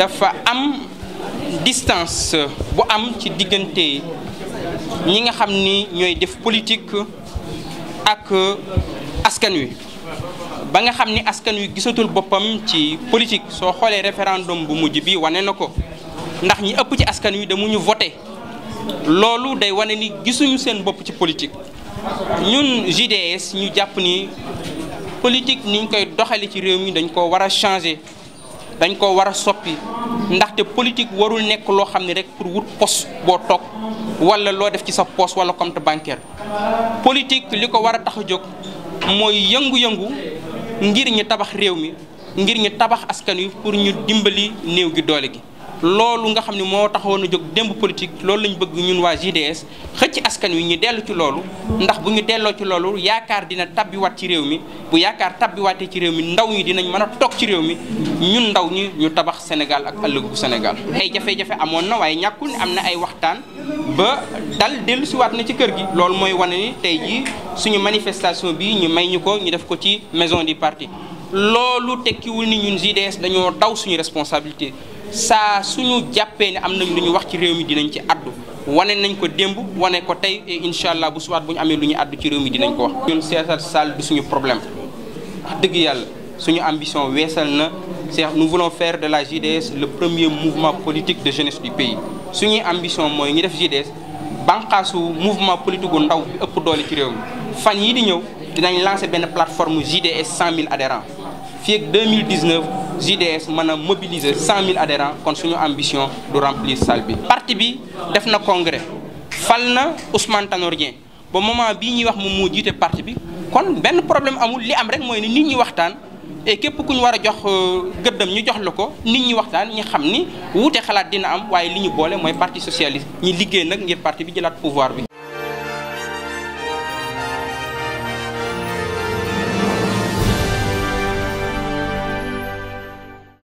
dafa am distance bu am ci diggante ñi nga xam ni ñooy def politique ak askan wi ba nga xam ni askan wi gisatul boppam ci politique soo xoolee référendum bu mujj bi wane na ko ndax ñi ëpp ci askan wi damuñu voté loolu day wane ni gisuñu seen bopp ci politique ñun JDS ñu jàpp ni politique niñ koy doxale ci réew mi dañ ko war a changer dañ ko war a soppi ndaxte politique warul nekk loo xam ni rek pour wut poste boo toog wala loo def ci sa poste wala compte bancaire politique li ko war a tax a jóg mooy yëngu-yëngu ngir ñu tabax réew mi ngir ñu tabax askan wi pour ñu dimbali néew gi doole gi. loolu nga xam ne moo taxoon a jóg démb politique loolu lañu bëgg ñun waa JDS xëcc askan wi ñu dellu ci loolu ndax bu ñu delloo ci loolu yaakaar dina tabbiwaat ci réew mi bu yaakaar tabbiwaatee ci réew mi ndaw ñi dinañ mën a toog ci réew mi ñun ndaw ñi ñu tabax Sénégal ak ëllëgu Sénégal. ay jafe-jafe amoon na waaye ñàkkul ne am na ay waxtaan ba dal dellu si waat na ci kër gi loolu mooy wane ni tey jii suñu manifestation bi ñu may ñu ko ñu def ko ci maison du parti loolu tekkiwul ni ñun JDS dañoo daw suñu responsabilité. saa suñu jàppee ne am nañ lu ñu wax ci réew mi dinañ ci addu wane nañ ko démb wane ko tey e incha allah bu subaat bu ñu amee lu ñu addu ci réew mi dinañ ko wax. ñun seetal saal du suñu problème dëgg yàlla suñu ambition weesal na c'est nous voulons de la JDS le premier mouvement politique de jeunesse du pays suñuy ambition mooy ñu def JDS bànqaasu mouvement politique gu ndaw bi ëpp doole ci réew mi fan yii di ñëw dinañ lancer benn plateforme JDS 100000 adhérents fii ak JDS mën a mobiliser cent mille adhérents kon suñu ambition du remplir salle bi. parti bi def na congrès fal na Ousmane Tanor ba moment bii ñuy wax moom moo jiite parti bi kon benn problème amul li am rek mooy ni nit ñi waxtaan. et képp ku ñu war a jox euh, gëddam ñu jox la ko nit ñi waxtaan ñi xam ni wuute xalaat dina am waaye li ñu boole mooy parti socialiste ñi liggéey nag ngir parti bi jëlaat pouvoir bi.